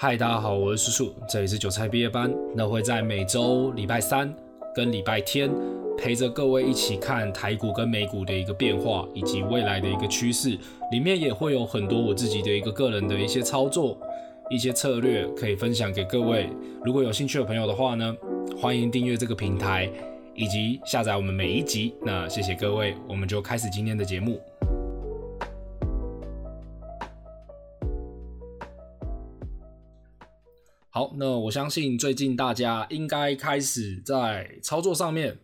嗨，大家好，我是叔叔，這裡是韭菜畢業班。那會在每周禮拜三跟禮拜天陪着各位一起看台股跟美股的一個變化以及未來的一個趨勢，裡面也會有很多我自己的一個個人的一些操作、一些策略可以分享給各位。如果有興趣的朋友的話呢，歡迎訂閱這個平台以及下載我們每一集。那謝謝各位，我們就開始今天的節目。好，那我相信最近大家應該開始在操作上面。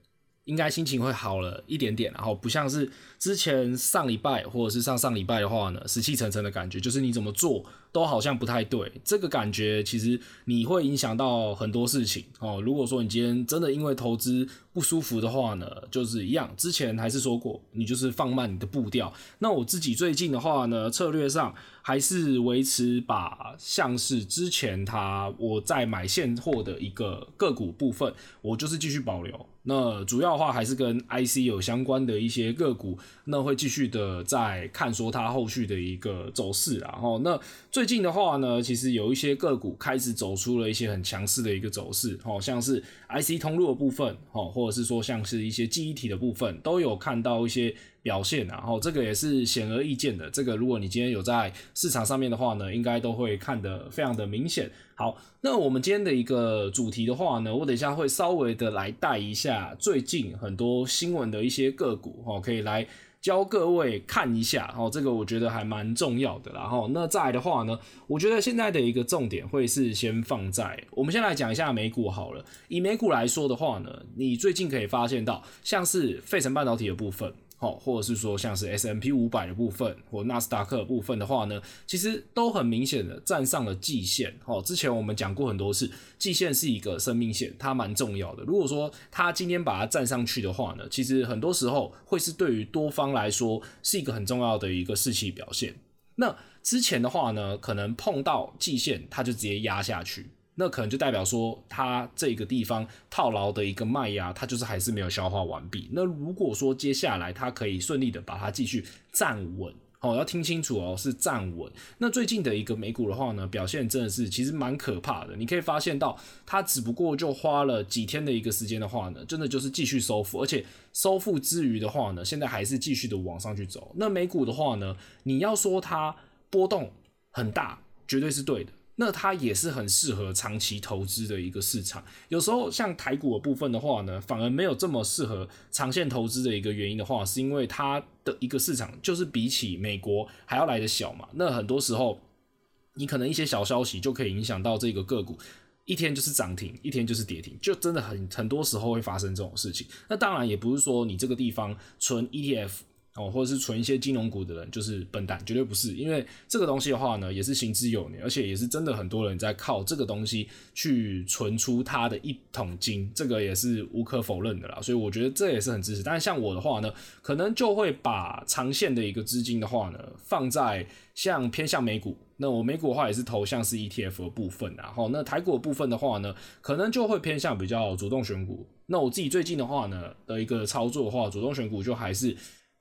應該心情會好了一點點，然後不像是之前上禮拜或者是上上禮拜的話呢，死氣沉沉的感覺，就是你怎麼做都好像不太對。這個感覺其實你會影響到很多事情哦。如果說你今天真的因為投資不舒服的話呢，就是一樣，之前還是說過，你就是放慢你的步調。那我自己最近的話呢，策略上還是維持把像是之前他我在買現貨的一個個股部分，我就是繼續保留。那主要的話還是跟 IC 有相關的一些個股，那會繼續的在看說它後續的一個走勢，然後那最近的話呢，其實有一些個股開始走出了一些很強勢的一個走勢，哦，像是 IC 通路的部分，哦，或者是說像是一些記憶體的部分，都有看到一些。表現，啊，然後這個也是顯而易見的。這個如果你今天有在市場上面的話呢，應該都會看得非常的明顯。好，那我們今天的一個主題的話呢，我等一下會稍微的來帶一下最近很多新聞的一些個股哈，可以來教各位看一下。好，這個我覺得還蠻重要的啦。然後那再來的話呢，我覺得現在的一個重點會是先放在，我們先來講一下美股好了。以美股來說的話呢，你最近可以發現到像是費城半導體的部分。好，或者是說像是 S M P 五百的部分或納斯達克部分的話呢，其實都很明顯的站上了季線。哦，之前我們講過很多次，季線是一個生命線，它蠻重要的。如果說它今天把它站上去的話呢，其實很多時候會是對於多方來說是一個很重要的一個士氣表現。那之前的話呢，可能碰到季線，它就直接壓下去。那可能就代表說，它這個地方套牢的一個賣壓，它就是還是沒有消化完畢。那如果說接下來它可以順利的把它繼續站穩，哦，要聽清楚哦，是站穩。那最近的一個美股的話呢，表現真的是其實蠻可怕的。你可以發現到，它只不過就花了幾天的一個時間的話呢，真的就是繼續收復，而且收復之餘的話呢，現在還是繼續的往上去走。那美股的話呢，你要說它波動很大，絕對是對的。那它也是很適合長期投資的一個市場。有時候像台股的部分的話呢，反而沒有這麼適合長線投資的一個原因的話，是因為它的一個市場就是比起美國還要來的小嘛。那很多時候，你可能一些小消息就可以影響到這個個股，一天就是漲停，一天就是跌停，就真的很很多時候會發生這種事情。那當然也不是說你這個地方存 ETF。哦，或者是存一些金融股的人就是笨蛋，絕對不是，因為這個東西的話呢，也是行之有年，而且也是真的很多人在靠這個東西去存出它的一桶金，這個也是無可否認的啦。所以我覺得這也是很支持。但是像我的話呢，可能就會把長線的一個資金的話呢，放在像偏向美股。那我美股的話也是投向是 ETF 的部分，然後那台股的部分的話呢，可能就會偏向比較主動選股。那我自己最近的話呢的一個操作的話，主動選股就還是。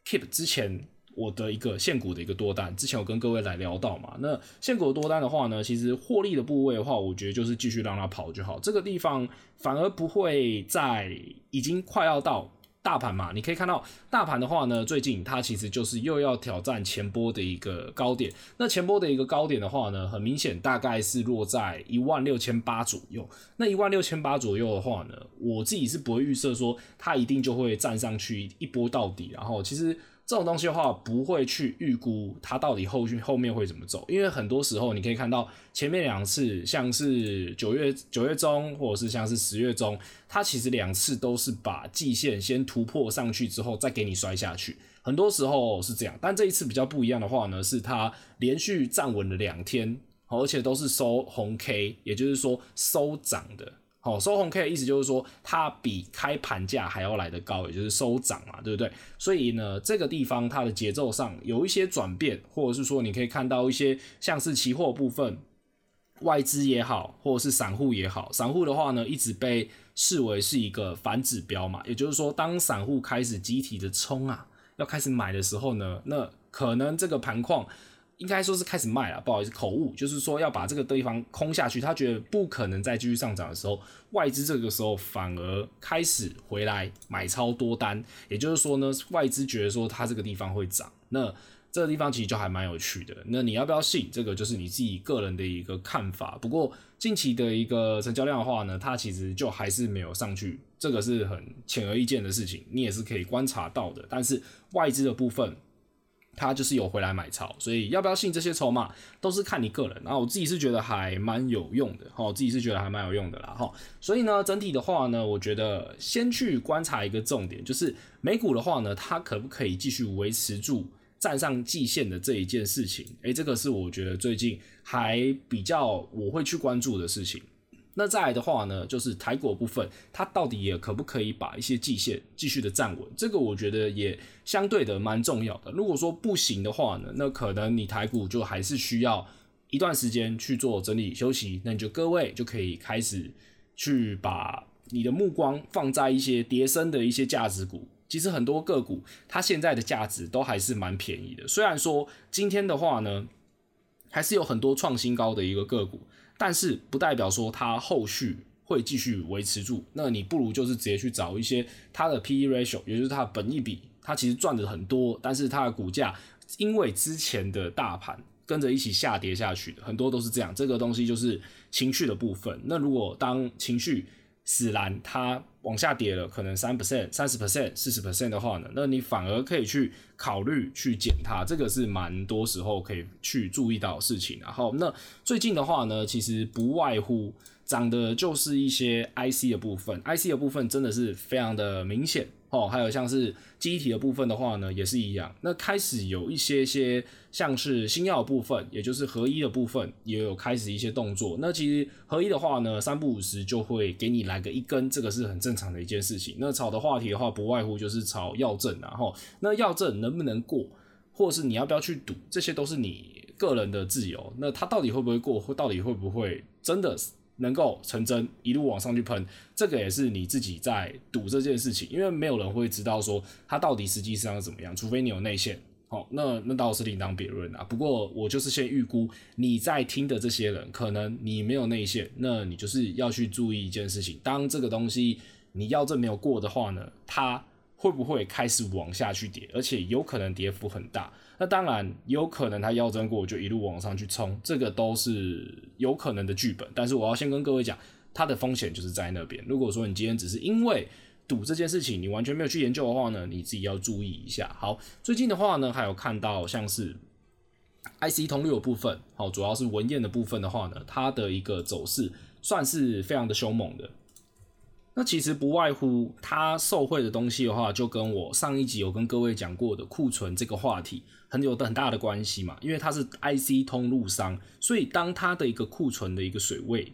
keep 之前我的一個現股的一個多單，之前我跟各位來聊到嘛，那現股多單的話呢，其實獲利的部位的話，我覺得就是繼續讓它跑就好，這個地方反而不會在已經快要到。大盤嘛，你可以看到，大盤的話呢，最近它其實就是又要挑戰前波的一個高點。那前波的一個高點的話呢，很明顯大概是落在一萬六千八左右。那一萬六千八左右的話呢，我自己是不會預設說它一定就會站上去一波到底，然後其實。這種東西的話，不會去預估它到底後續後面會怎麼走，因為很多時候你可以看到前面兩次，像是九月九月中，或者是像是十月中，它其實兩次都是把季線先突破上去之後，再給你摔下去，很多時候是這樣。但這一次比較不一樣的話呢，是它連續站穩了兩天，而且都是收紅 K，也就是說收漲的。好、哦，收紅 K 的意思就是說，它比開盤價還要來得高，也就是收漲嘛，對不對？所以呢，這個地方它的節奏上有一些轉變，或者是說，你可以看到一些像是期貨部分，外資也好，或者是散戶也好，散戶的話呢，一直被視為是一個反指標嘛，也就是說，當散戶開始集體的衝啊，要開始買的時候呢，那可能這個盤況。應該說是開始賣了，不好意思口誤，就是說要把這個地方空下去。他覺得不可能再繼續上漲的時候，外資這個時候反而開始回來買超多單，也就是說呢，外資覺得說它這個地方會漲，那這個地方其實就還蠻有趣的。那你要不要信，這個就是你自己個人的一個看法。不過近期的一個成交量的話呢，它其實就還是沒有上去，這個是很顯而易見的事情，你也是可以觀察到的。但是外資的部分。他就是有回來買超，所以要不要信這些籌碼，都是看你個人。然後我自己是覺得還蠻有用的哈，我自己是覺得還蠻有用的啦哈。所以呢，整體的話呢，我覺得先去觀察一個重點，就是美股的話呢，它可不可以繼續維持住站上季線的這一件事情？誒、欸，這個是我覺得最近還比較我會去關注的事情。那再來的話呢，就是台股部分，它到底也可不可以把一些季線繼續的站穩？這個我覺得也相對的蠻重要的。如果說不行的話呢，那可能你台股就還是需要一段時間去做整理休息，那你就各位就可以開始去把你的目光放在一些跌深的一些價值股。其實很多個股它現在的價值都還是蠻便宜的。雖然說今天的話呢，還是有很多創新高的一個個股。但是不代表說它後續會繼續維持住，那你不如就是直接去找一些它的 P/E ratio，也就是它的本益比，它其實賺的很多，但是它的股價因為之前的大盤跟着一起下跌下去，很多都是這樣，這個東西就是情緒的部分。那如果當情緒使然，它。往下跌了，可能三 percent、三十 percent、四十 percent 的話呢，那你反而可以去考慮去減它，這個是蠻多時候可以去注意到事情。然後，那最近的話呢，其實不外乎漲的就是一些 IC 的部分，IC 的部分真的是非常的明顯。哦，還有像是記憶體的部分的話呢，也是一樣。那開始有一些些像是新藥的部分，也就是合一的部分，也有開始一些動作。那其實合一的話呢，三不五時就會給你來個一根，這個是很正常的一件事情。那炒的話題的話，不外乎就是炒藥證、啊，然後那藥證能不能過，或者是你要不要去賭，這些都是你個人的自由。那它到底會不會過，到底會不會真的能夠成真，一路往上去噴，這個也是你自己在賭這件事情，因為沒有人會知道說他到底實際上是怎麼樣，除非你有內線，好、哦，那那倒是另當別論啊。不過我就是先預估你在聽的這些人，可能你沒有內線，那你就是要去注意一件事情，當這個東西你要證沒有過的話呢，他。會不會開始往下去跌，而且有可能跌幅很大？那當然有可能它腰斬過我就一路往上去衝，這個都是有可能的劇本。但是我要先跟各位講，它的風險就是在那邊。如果說你今天只是因為賭這件事情，你完全沒有去研究的話呢，你自己要注意一下。好，最近的話呢，還有看到像是 IC 通路的部分，好，主要是文曄的部分的話呢，它的一個走勢算是非常的凶猛的。那其實不外乎他，受惠的東西的話，就跟我上一集有跟各位講過的庫存這個話題很有的很大的關係嘛。因為它是 IC 通路商，所以當他的一個庫存的一個水位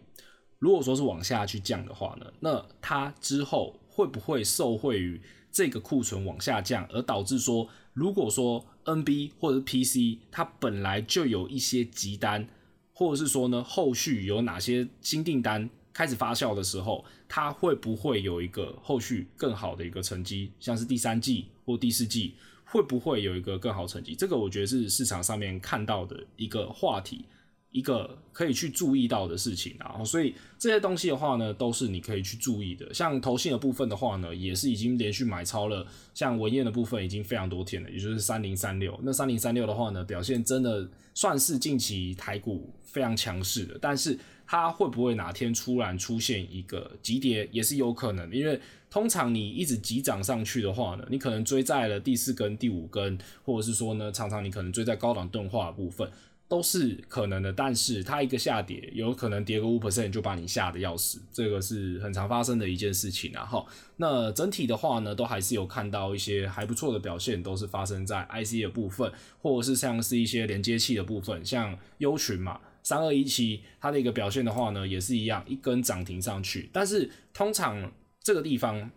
如果說是往下去降的話呢，那他之後會不會受惠於這個庫存往下降，而導致說，如果說 NB 或者 PC 它本來就有一些急單，或者是說呢後續有哪些新訂單？開始發酵的時候，它會不會有一個後續更好的一個成績？像是第三季或第四季，會不會有一個更好成績？這個我覺得是市場上面看到的一個話題，一個可以去注意到的事情啊。所以這些東西的話呢，都是你可以去注意的。像投信的部分的話呢，也是已經連續買超了，像文曄的部分已經非常多天了，也就是三零三六。那三零三六的話呢，表現真的算是近期台股非常強勢的，但是。它會不會哪天突然出現一個急跌，也是有可能，因為通常你一直急漲上去的話呢，你可能追在了第四根、第五根，或者是說呢，常常你可能追在高檔鈍化的部分，都是可能的。但是它一個下跌，有可能跌個五 percent 就把你嚇得要死，這個是很常發生的一件事情啊。然後，那整體的話呢，都還是有看到一些還不錯的表現，都是發生在 IC 的部分，或者是像是一些連接器的部分，像優群嘛。三二一七，它的一個表現的話呢，也是一樣，一根漲停上去。但是通常這個地方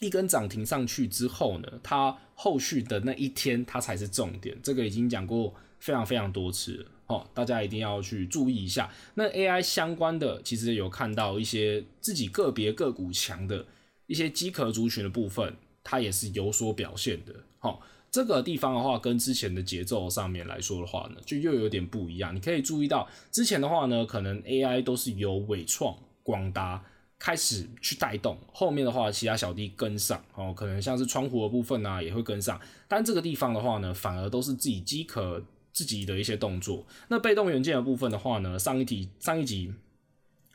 一根漲停上去之後呢，它後續的那一天它才是重點。這個已經講過非常非常多次了，哈，大家一定要去注意一下。那 AI 相關的，其實有看到一些自己個別個股強的一些機殼族群的部分，它也是有所表現的，哈。這個地方的話，跟之前的節奏上面來說的話呢，就又有點不一樣。你可以注意到，之前的話呢，可能 AI 都是由緯創、廣達開始去帶動，後面的話其他小弟跟上哦，可能像是窗戶的部分啊也會跟上。但這個地方的話呢，反而都是自己機殼自己的一些動作。那被動元件的部分的話呢，上一題上一集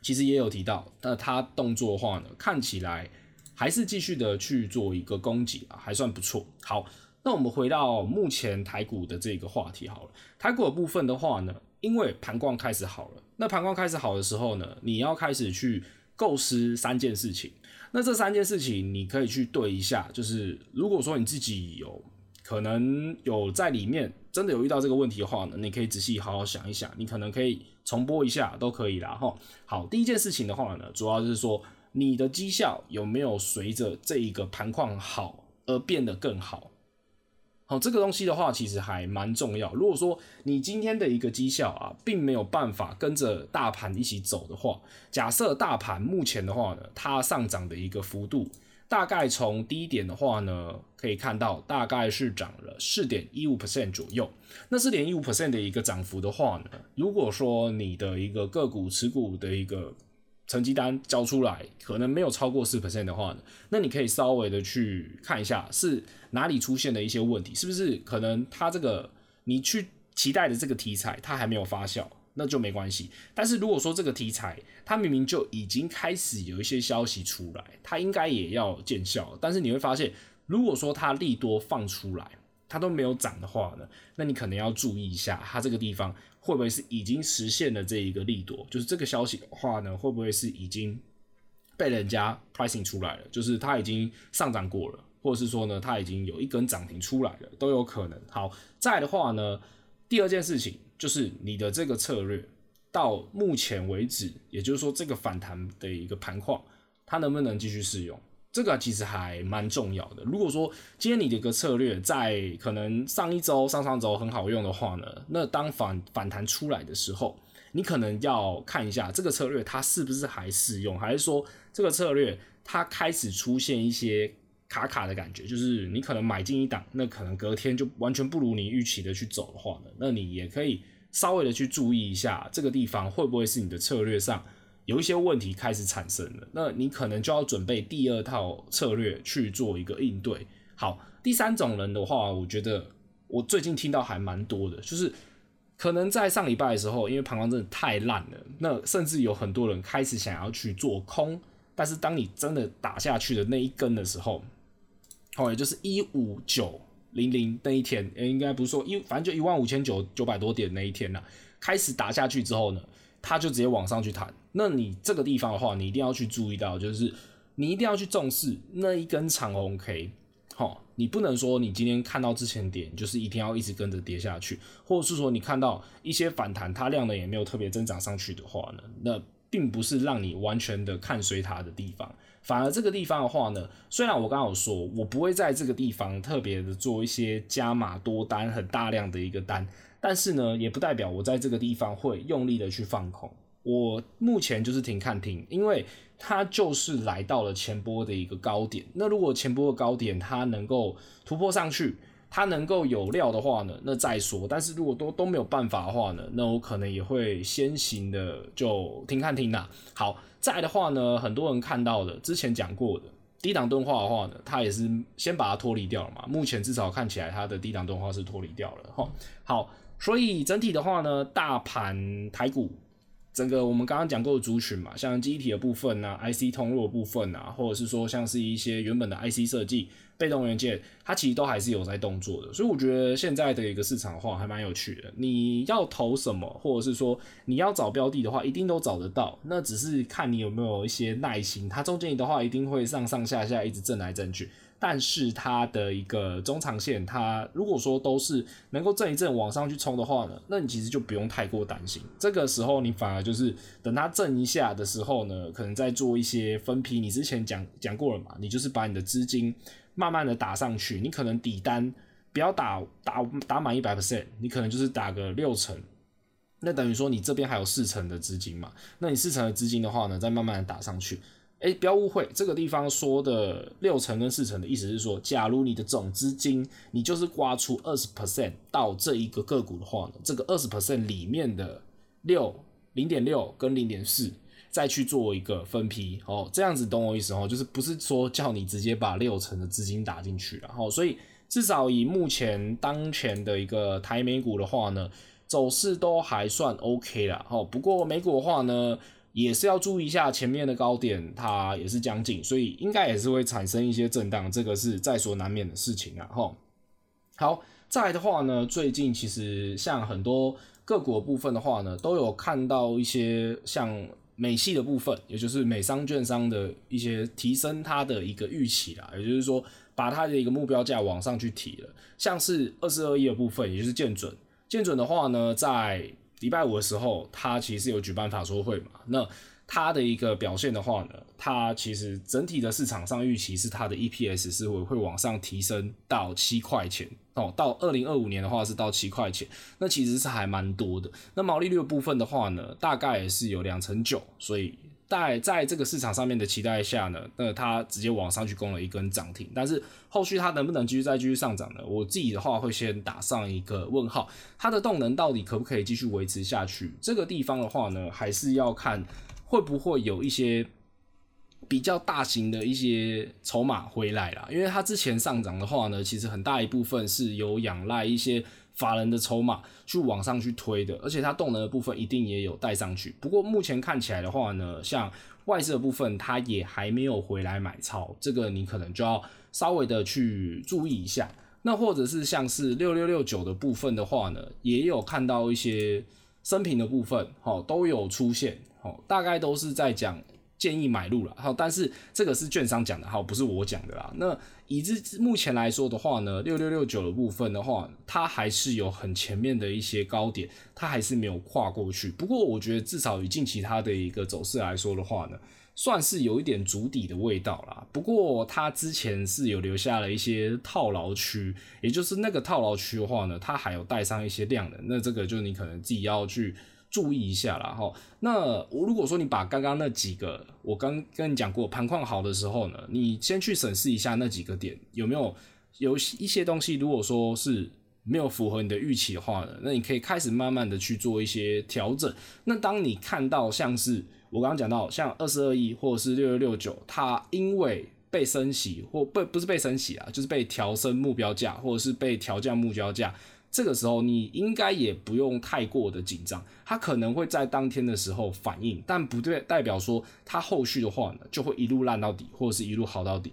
其實也有提到，那它動作的話呢，看起來還是繼續的去做一個攻擊啊，還算不錯。好。那我們回到目前台股的這個話題好了。台股的部分的話呢，因為盤況開始好了，那盤況開始好的時候呢，你要開始去構思三件事情。那這三件事情，你可以去對一下，就是如果說你自己有可能有在裡面真的有遇到這個問題的話呢，你可以仔細好好想一想，你可能可以重播一下都可以啦哈。好，第一件事情的話呢，主要就是說你的績效有沒有隨着這一個盤況好而變得更好。好，這個東西的話，其實還蠻重要。如果說你今天的一個績效啊，並沒有辦法跟着大盤一起走的話，假設大盤目前的話呢，它上漲的一個幅度，大概從低點的話呢，可以看到大概是漲了四點一五 percent 左右。那四點一五 percent 的一個漲幅的話呢，如果說你的一個個股持股的一個。成績單交出來，可能沒有超過四 percent 的話呢，那你可以稍微的去看一下，是哪裡出現的一些問題，是不是可能它這個你去期待的這個題材它還沒有發酵，那就沒關係。但是如果說這個題材它明明就已經開始有一些消息出來，它應該也要見效，但是你會發現，如果說它利多放出來。它都沒有漲的話呢，那你可能要注意一下，它這個地方會不會是已經實現了這一個利多？就是這個消息的話呢，會不會是已經被人家 pricing 出來了？就是它已經上漲過了，或者是說呢，它已經有一根漲停出來了，都有可能。好，再的話呢，第二件事情就是你的這個策略到目前為止，也就是說這個反彈的一個盤況，它能不能繼續適用？這個其實還蠻重要的。如果說今天你的一個策略在可能上一週、上上週很好用的話呢，那當反反彈出來的時候，你可能要看一下這個策略它是不是還適用，還是說這個策略它開始出現一些卡卡的感覺，就是你可能買進一檔，那可能隔天就完全不如你預期的去走的話呢，那你也可以稍微的去注意一下這個地方會不會是你的策略上。有一些問題開始產生了，那你可能就要準備第二套策略去做一個應對。好，第三種人的話，我覺得我最近聽到還蠻多的，就是可能在上禮拜的時候，因為盤況真的太爛了，那甚至有很多人開始想要去做空，但是當你真的打下去的那一根的時候，好，也就是一五九零零那一天，欸、應該不是說一，反正就一萬五千九百多點那一天了，啊，開始打下去之後呢，他就直接往上去彈，那你這個地方的話，你一定要去注意到，就是你一定要去重視那一根長紅 K，好，你不能說你今天看到之前跌，就是一定要一直跟着跌下去，或者是說你看到一些反彈，它量呢也沒有特別增長上去的話呢，那並不是讓你完全的看衰它的地方。反而這個地方的話呢，雖然我剛剛有說，我不會在這個地方特別的做一些加碼多單，很大量的一個單，但是呢，也不代表我在這個地方會用力的去放空。我目前就是停看聽，因為它就是來到了前波的一個高點，那如果前波的高點它能夠突破上去。它能夠有料的話呢，那再說；但是如果都都沒有辦法的話呢，那我可能也會先行的就聽看聽啦、啊。好，再來的話呢，很多人看到的之前講過的低檔鈍化的話呢，它也是先把它脫離掉了嘛。目前至少看起來，它的低檔鈍化是脫離掉了哈。好，所以整體的話呢，大盤台股整個我們剛剛講過的族群嘛，像記憶體的部分啊，IC 通路的部分啊，或者是說像是一些原本的 IC 設計。被動元件，它其實都還是有在動作的，所以我覺得現在的一個市場的話還蠻有趣的。你要投什麼，或者是說你要找標的的話，一定都找得到。那只是看你有沒有一些耐心。它中間的話一定會上上下下一直震來震去，但是它的一個中長線，它如果說都是能夠震一震往上去衝的話呢，那你其實就不用太過擔心。這個時候你反而就是等它震一下的時候呢，可能再做一些分批。你之前講講過了嘛，你就是把你的資金。慢慢的打上去，你可能底單不要打打打滿一百 percent，你可能就是打個六成，那等於說你這邊還有四成的資金嘛。那你四成的資金的話呢，再慢慢的打上去。哎，不要誤會，這個地方說的六成跟四成的意思是說，假如你的總資金你就是刮出二十 percent 到這一個個股的話呢，這個二十 percent 裡面的六，零點六跟零點四。再去做一個分批哦，這樣子懂我意思哦，就是不是說叫你直接把六成的資金打進去，然後，所以至少以目前當前的一個台美股的話呢，走勢都還算 OK 啦。不過美股的話呢，也是要注意一下前面的高點，它也是將近，所以應該也是會產生一些震盪，這個是在所難免的事情啊。好，好在的話呢，最近其實像很多個股部分的話呢，都有看到一些像。美系的部分，也就是美商券商的一些提升，它的一個預期啦，也就是說把它的一個目標價往上去提了。像是二十二億的部分，也就是建準，建準的話呢，在禮拜五的時候，它其實有舉辦法說會嘛。那它的一個表現的話呢，它其實整體的市場上預期是它的 EPS 是會會往上提升到七塊錢。哦，到二零二五年的話是到七塊錢，那其實是還蠻多的。那毛利率部分的話呢，大概也是有兩成九，所以在這個市場上面的期待下呢，那它直接往上去攻了一根漲停。但是後續它能不能繼續再繼續上漲呢？我自己的話會先打上一個問號，它的動能到底可不可以繼續維持下去？這個地方的話呢，還是要看會不會有一些比較大型的一些籌碼回來啦，因為它之前上漲的話呢，其實很大一部分是有仰賴一些法人的籌碼去往上去推的，而且它動能的部分一定也有帶上去。不過目前看起來的話呢，像外資的部分它也還沒有回來買超，這個你可能就要稍微的去注意一下。那或者是像是六六六九的部分的話呢，也有看到一些升評的部分，吼，都有出現，吼，大概都是在講。建議買入啦，好，但是這個是券商講的，好，不是我講的啦。那以至目前來說的話呢，六六六九的部分的話，它還是有很前面的一些高點，它還是沒有跨過去。不過我覺得至少以近期它的一個走勢來說的話呢，算是有一點足底的味道啦。不過它之前是有留下了一些套牢區，也就是那個套牢區的話呢，它還有帶上一些量的，那這個就你可能自己要去。注意一下啦。齁。那我如果說你把剛剛那幾個，我剛跟你講過盤況好的時候呢，你先去審視一下那幾個點有沒有有一些東西，如果說是沒有符合你的預期的話呢，那你可以開始慢慢的去做一些調整。那當你看到像是我剛剛講到像二十二億或者是六六六九，它因為被升息或被，不是被升息啊，就是被調升目標價或者是被調降目標價。這個時候你應該也不用太過的緊張，它可能會在當天的時候反應，但不對代表說它後續的話呢就會一路爛到底，或者是一路好到底。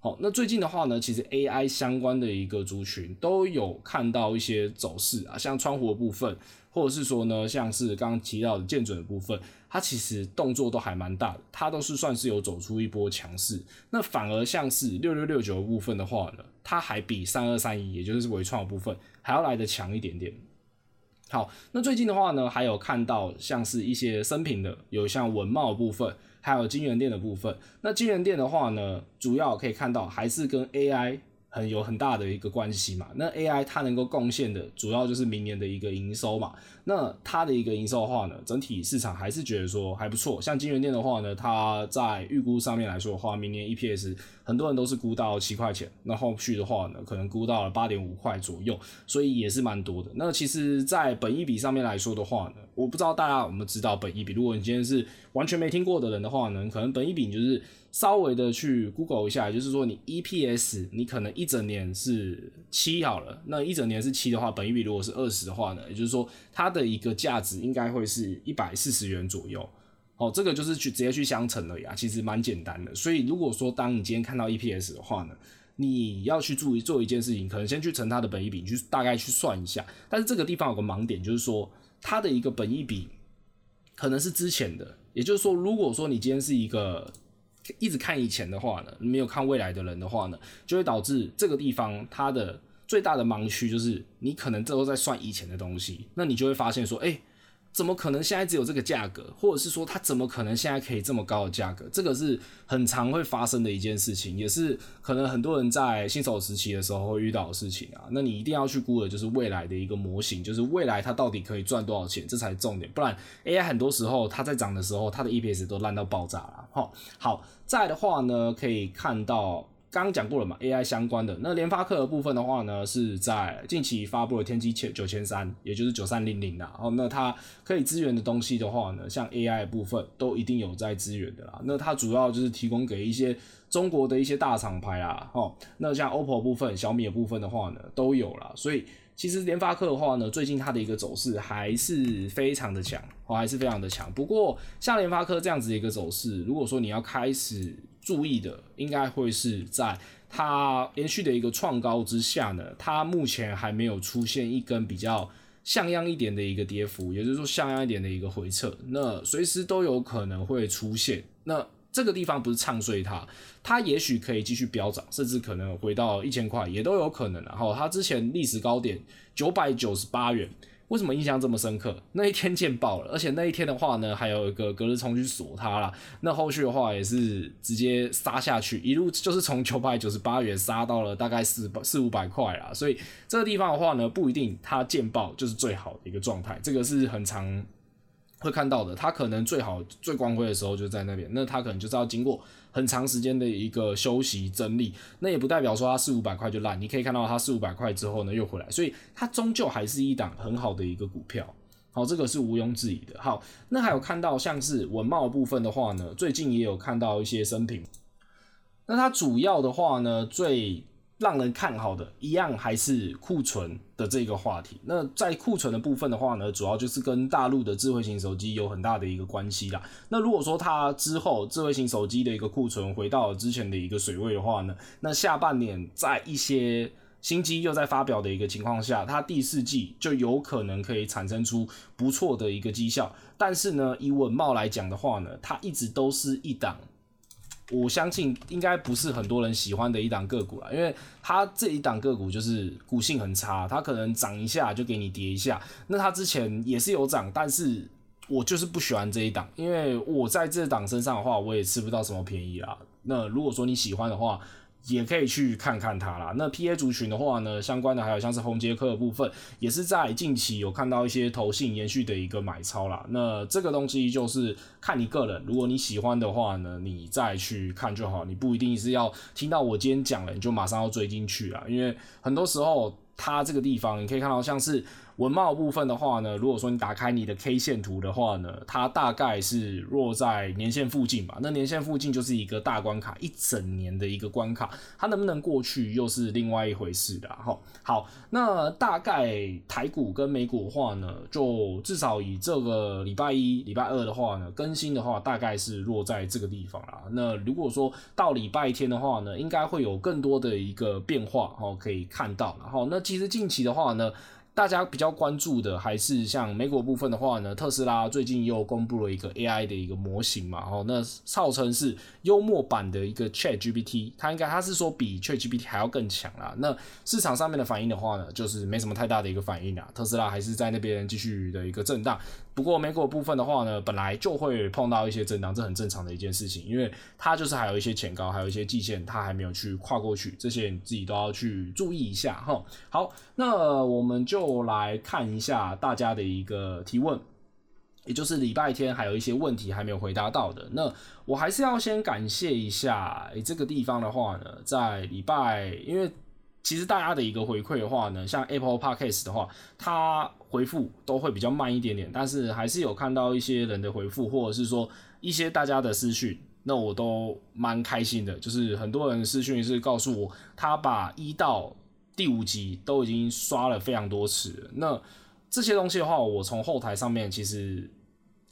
好、哦，那最近的話呢，其實 AI 相關的一個族群都有看到一些走勢啊，像川湖的部分，或者是說呢，像是剛剛提到的建準的部分，它其實動作都還蠻大的，它都是算是有走出一波強勢。那反而像是六六六九的部分的話呢，它還比三二三一，也就是緯創的部分，還要來得強一點點。好，那最近的話呢，還有看到像是一些升評的，有像穩懋部分，還有京元電的部分。那京元電的話呢，主要可以看到還是跟 AI 很有很大的一個關係嘛。那 AI 它能夠貢獻的主要就是明年的一個營收嘛。那它的一個營收的話呢，整體市場還是覺得說還不錯。像京元電的話呢，它在預估上面來說的話，明年 EPS。很多人都是估到七塊錢，那後續的話呢，可能估到了八點五塊左右，所以也是蠻多的。那其實，在本益比上面來說的話呢，我不知道大家有沒有知道本益比，如果你今天是完全沒聽過的人的話呢，可能本益比就是稍微的去 Google 一下，也就是說你 EPS 你可能一整年是七好了，那一整年是七的話，本益比如果是二十的話呢，也就是說它的一個價值應該會是一百四十元左右。哦，這個就是去直接去相乘了呀，其實蠻簡單的。所以如果說當你今天看到 EPS 的話呢，你要去注意做一件事情，可能先去乘它的本益比，你去大概去算一下。但是這個地方有個盲點，就是說它的一個本益比可能是之前的，也就是說，如果說你今天是一個一直看以前的話呢，沒有看未來的人的話呢，就會導致這個地方它的最大的盲區就是你可能最後在算以前的東西，那你就會發現說，哎、欸。怎麼可能現在只有這個價格，或者是說它怎麼可能現在可以這麼高的價格？這個是很常會發生的一件事情，也是可能很多人在新手時期的時候會遇到的事情啊。那你一定要去估的，就是未來的一個模型，就是未來它到底可以賺多少錢，這才是重點。不然 AI 很多時候它在漲的時候，它的 EPS 都爛到爆炸了。齁，好，再來的話呢，可以看到。剛剛講過了嘛，AI 相關的那聯發科的部分的話呢，是在近期發布了天璣九千三，也就是九三零零啦、哦。那它可以支援的東西的話呢，像 AI 的部分都一定有在支援的啦。那它主要就是提供給一些中國的一些大廠牌啦、哦，那像 OPPO 部分、小米的部分的話呢，都有了。所以其實聯發科的話呢，最近它的一個走勢還是非常的強、哦，還是非常的強。不過像聯發科這樣子的一個走勢，如果說你要開始。注意的應該會是在它延續的一個創高之下呢，它目前還沒有出現一根比較像樣一點的一個跌幅，也就是說像樣一點的一個回撤，那隨時都有可能會出現。那這個地方不是唱衰它，它也許可以繼續飆漲，甚至可能回到一千塊也都有可能。然後它之前歷史高點九百九十八元，為什麼印象這麼深刻？那一天見爆了，而且那一天的話呢，還有一個隔日衝去鎖它了。那後續的話也是直接殺下去，一路就是從九百九十八元殺到了大概四百四五百塊啦。所以這個地方的話呢，不一定它見爆就是最好的一個狀態，這個是很常。會看到的，它可能最好最光輝的時候就在那邊，那它可能就是要經過很長時間的一個休息整理，那也不代表說它四五百塊就爛，你可以看到它四五百塊之後呢又回來，所以它終究還是一檔很好的一個股票。好，這個是毋庸置疑的。好，那還有看到像是文貿部分的話呢，最近也有看到一些升評，那它主要的話呢最讓人看好的一樣還是庫存的這個話題。那在庫存的部分的話呢，主要就是跟大陸的智慧型手機有很大的一個關係啦。那如果說它之後智慧型手機的一個庫存回到之前的一個水位的話呢，那下半年在一些新機又在發表的一個情況下，它第四季就有可能可以產生出不錯的一個績效。但是呢，以穩懋來講的話呢，它一直都是一檔。我相信應該不是很多人喜歡的一檔個股了，因為它這一檔個股就是股性很差，它可能漲一下就給你跌一下。那它之前也是有漲，但是我就是不喜歡這一檔，因為我在這檔身上的話，我也吃不到什麼便宜啦。那如果說你喜歡的話，也可以去看看它啦。那 PA 族群的話呢，相關的還有像是宏捷科的部分，也是在近期有看到一些投信延續的一個買超啦。那這個東西就是看你個人，如果你喜歡的話呢，你再去看就好。你不一定是要聽到我今天講了，你就馬上要追進去啊，因為很多時候它這個地方你可以看到像是。文貌的部分的話呢，如果說你打開，你的 K 線圖的話呢，它大概是落在年線附近吧。那年線附近就是一個大關卡，一整年的一個關卡，它能不能過去又是另外一回事的哈、啊。好，那大概台股跟美股的話呢，就至少以這個禮拜一、禮拜二的話呢，更新的話大概是落在這個地方啦。那如果說到禮拜天的話呢，應該會有更多的一個變化哈，可以看到。然後，那其實近期的話呢，大家比較關注的還是像美股部分的話呢，特斯拉最近又公布了一個 AI 的一個模型嘛，哦，那號稱是幽默版的一個 ChatGPT，它應該它是說比 ChatGPT 還要更強啦。那市場上面的反應的話呢，就是沒什麼太大的一個反應啊，特斯拉還是在那邊繼續的一個震盪。不過美股部分的話呢，本來就會碰到一些震盪，這很正常的一件事情，因為它就是還有一些前高，還有一些季線，它還沒有去跨過去，這些你自己都要去注意一下哈。好，那我們就來看一下大家的一個提問，也就是禮拜天還有一些問題還沒有回答到的，那我還是要先感謝一下，誒，這個地方的話呢，在禮拜因為。其實大家的一個回饋的話呢，像 Apple Podcast 的話，它回復都會比較慢一點點，但是還是有看到一些人的回復，或者是說一些大家的私訊，那我都蠻開心的。就是很多人私訊是告訴我，他把一到第五集都已經刷了非常多次。那這些東西的話，我從後台上面其實。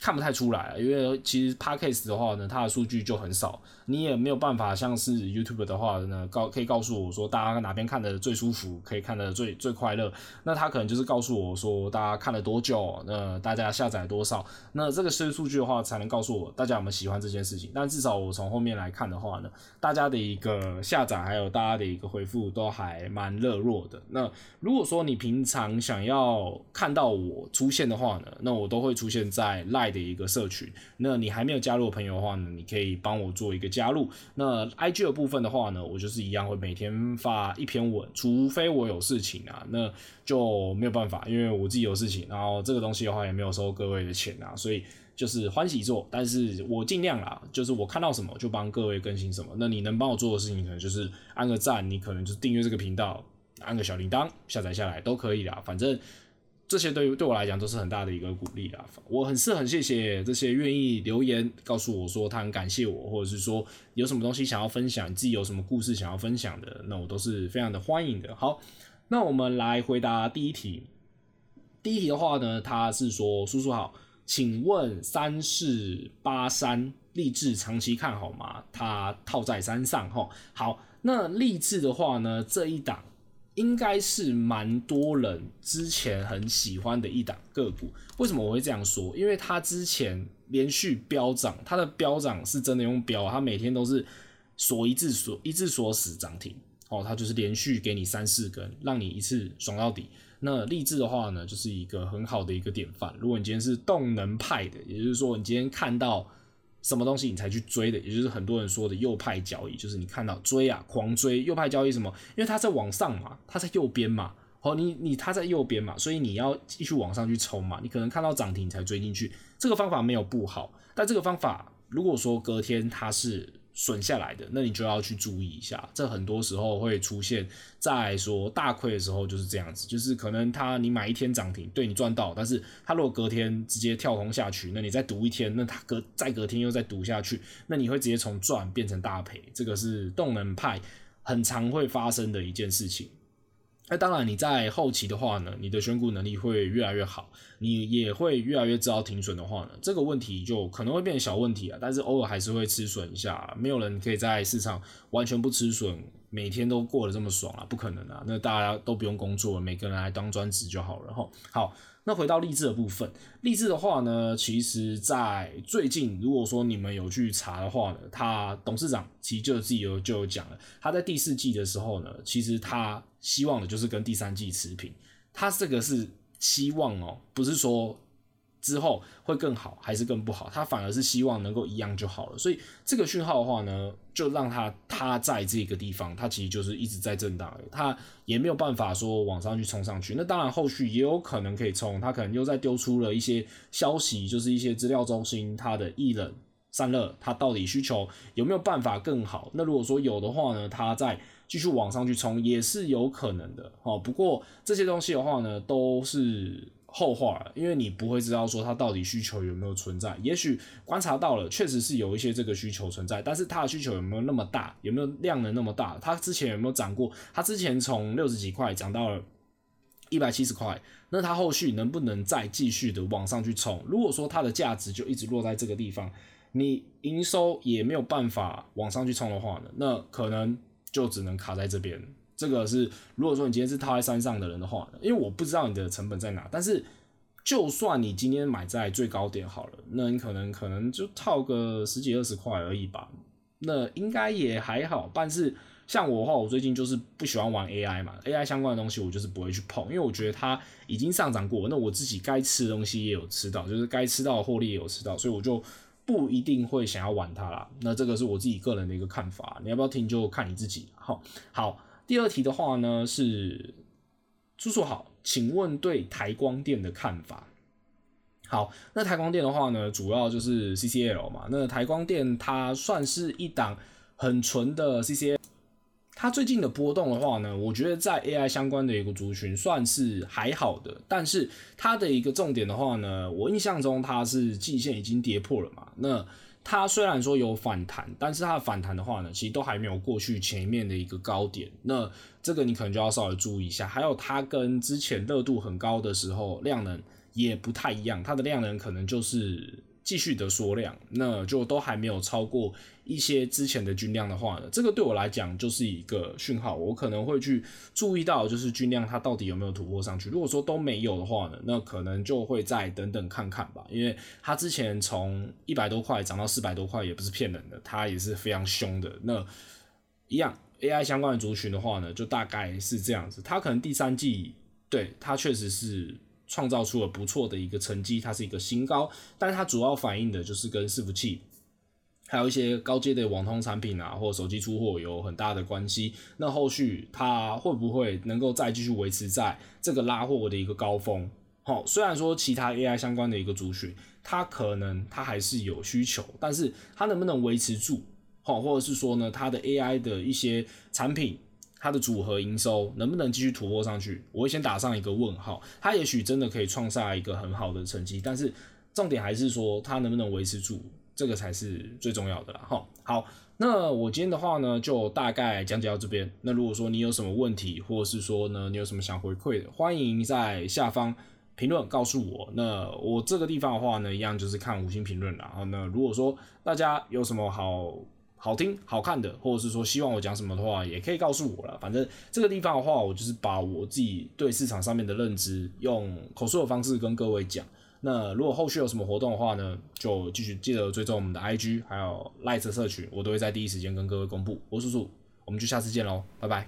看不太出來，因為其實 Podcast 的話呢，它的數據就很少，你也沒有辦法像是 YouTube 的話呢，告可以告訴我說大家哪邊看的最舒服，可以看的最最快樂。那它可能就是告訴我說大家看了多久，那、呃、大家下載多少，那這個是數據的話才能告訴我大家有沒有喜歡這件事情。但至少我從後面來看的話呢，大家的一個下載還有大家的一個回復都還蠻熱絡的。那如果說你平常想要看到我出現的話呢，那我都會出現在 Line。的一個社群，那你還沒有加入的朋友的話呢，你可以幫我做一個加入。那 IG 的部分的話呢，我就是一樣會每天發一篇文，除非我有事情啊，那就沒有辦法，因為我自己有事情。然後這個東西的話，也沒有收各位的錢啊，所以就是歡喜做，但是我盡量啦，就是我看到什麼就幫各位更新什麼。那你能幫我做的事情，可能就是按個讚，你可能就訂閱這個頻道，按個小鈴鐺，下載下來都可以啦，反正。這些對於對我來講都是很大的一個鼓勵啊，我很是很謝謝這些願意留言告訴我說他很感謝我，或者是說有什麼東西想要分享，你自己有什麼故事想要分享的，那我都是非常的歡迎的。好，那我們來回答第一題。第一題的話呢，他是說叔叔好，請問三四八三力致長期看好嗎？他套在山上哈。好，那力致的話呢，這一檔。應該是蠻多人之前很喜歡的一檔個股。為什麼我會這樣說？因為它之前連續飆漲，它的飆漲是真的用飆啊，它每天都是鎖一字鎖一字鎖死漲停哦，它就是連續給你三四根，讓你一次爽到底。那勵志的話呢，就是一個很好的一個典範。如果你今天是動能派的，也就是說你今天看到什麼東西你才去追的？也就是很多人說的右派交易，就是你看到追啊，狂追。右派交易什麼？因為它在往上嘛，它在右邊嘛，哦，你你它在右邊嘛，所以你要繼續往上去衝嘛。你可能看到漲停你才追進去，這個方法沒有不好，但這個方法如果說隔天它是。損下來的，那你就要去注意一下。這很多時候會出現在說大虧的時候就是這樣子，就是可能他你買一天漲停，對你賺到，但是他如果隔天直接跳空下去，那你再賭一天，那他隔，再隔天又再賭下去，那你會直接從賺變成大賠。這個是動能派很常會發生的一件事情。那當然，你在後期的話呢，你的選股能力會越來越好，你也會越來越知道停損的話呢，這個問題就可能會變成小問題啊。但是偶爾還是會吃損一下啊，沒有人可以在市場完全不吃損，每天都過得這麼爽啊，不可能啊。那大家都不用工作了，每個人來當專職就好了。好。那回到勵志的部分，勵志的話呢，其實，在最近，如果說你們有去查的話呢，他董事長其實就有自己有就有講了，他在第四季的時候呢，其實他希望的就是跟第三季持平，他這個是希望哦，不是說。之後會更好還是更不好？他反而是希望能夠一樣就好了。所以這個訊號的話呢，就讓他他在這個地方，他其實就是一直在震盪。他也沒有辦法說往上去衝上去。那當然，後續也有可能可以衝，他可能又再丟出了一些消息，就是一些資料中心它的液冷散熱，它到底需求有沒有辦法更好？那如果說有的話呢，它再繼續往上去衝也是有可能的。不過這些東西的話呢，都是。後話，因為你不會知道說它到底需求有沒有存在。也許觀察到了，確實是有一些這個需求存在，但是它的需求有沒有那麼大，有沒有量能那麼大？它之前有沒有漲過？它之前從六十幾塊漲到了一百七十塊，那它後續能不能再繼續的往上去衝？如果說它的價值就一直落在這個地方，你營收也沒有辦法往上去衝的話呢，那可能就只能卡在這邊。這個是，如果說你今天是套在山上的人的話，因為我不知道你的成本在哪，但是就算你今天買在最高點好了，那你可能可能就套個十幾二十塊而已吧，那應該也還好。但是像我的話，我最近就是不喜歡玩 AI 嘛，AI 相關的東西我就是不會去碰，因為我覺得它已經上漲過，那我自己該吃的東西也有吃到，就是該吃到的獲利也有吃到，所以我就不一定會想要玩它啦。那這個是我自己個人的一個看法，你要不要聽就看你自己。哈。好。第二題的話呢是，叔叔好，請問對台光電的看法？好，那台光電的話呢，主要就是 CCL 嘛。那台光電它算是一檔很純的 CCL，它最近的波動的話呢，我覺得在 AI 相關的一個族群算是還好的。但是它的一個重點的話呢，我印象中它是季線已經跌破了嘛？那它雖然說有反彈，但是它的反彈的話呢，其實都還沒有過去前面的一個高點。那這個你可能就要稍微注意一下。還有它跟之前熱度很高的時候，量能也不太一樣，它的量能可能就是，繼續的縮量，那就都還沒有超過一些之前的均量的話呢，這個對我來講就是一個訊號，我可能會去注意到，就是均量它到底有沒有突破上去。如果說都沒有的話呢，那可能就會再等等看看吧，因為它之前從一百多塊漲到四百多塊，也不是騙人的，它也是非常凶的。那一樣 AI 相關的族群的話呢，就大概是這樣子，它可能第三季，對，它確實是。創造出了不錯的一個成績，它是一個新高，但是它主要反映的就是跟伺服器，還有一些高階的網通產品啊，或手機出貨有很大的關係。那後續它會不會能夠再繼續維持在這個拉貨的一個高峰？好、哦，雖然說其他 AI 相關的一個族群，它可能它還是有需求，但是它能不能維持住？好、哦，或者是說呢，它的 AI 的一些產品？它的組合營收能不能繼續突破上去？我會先打上一個問號。它也許真的可以創下一個很好的成績，但是重點還是說它能不能維持住，這個才是最重要的啦。哈，好，那我今天的話呢，就大概講解到這邊。那如果說你有什麼問題，或者是說呢，你有什麼想回饋的，歡迎在下方評論告訴我。那我這個地方的話呢，一樣就是看五星評論。然後呢，如果說大家有什麼好，好聽、好看的，或者是說希望我講什麼的話，也可以告訴我了。反正這個地方的話，我就是把我自己對市場上面的認知，用口述的方式跟各位講。那如果後續有什麼活動的話呢，就繼續記得追蹤我們的 IG，還有 Line 社群，我都會在第一時間跟各位公布。我是叔叔，我們就下次見嘍，拜拜。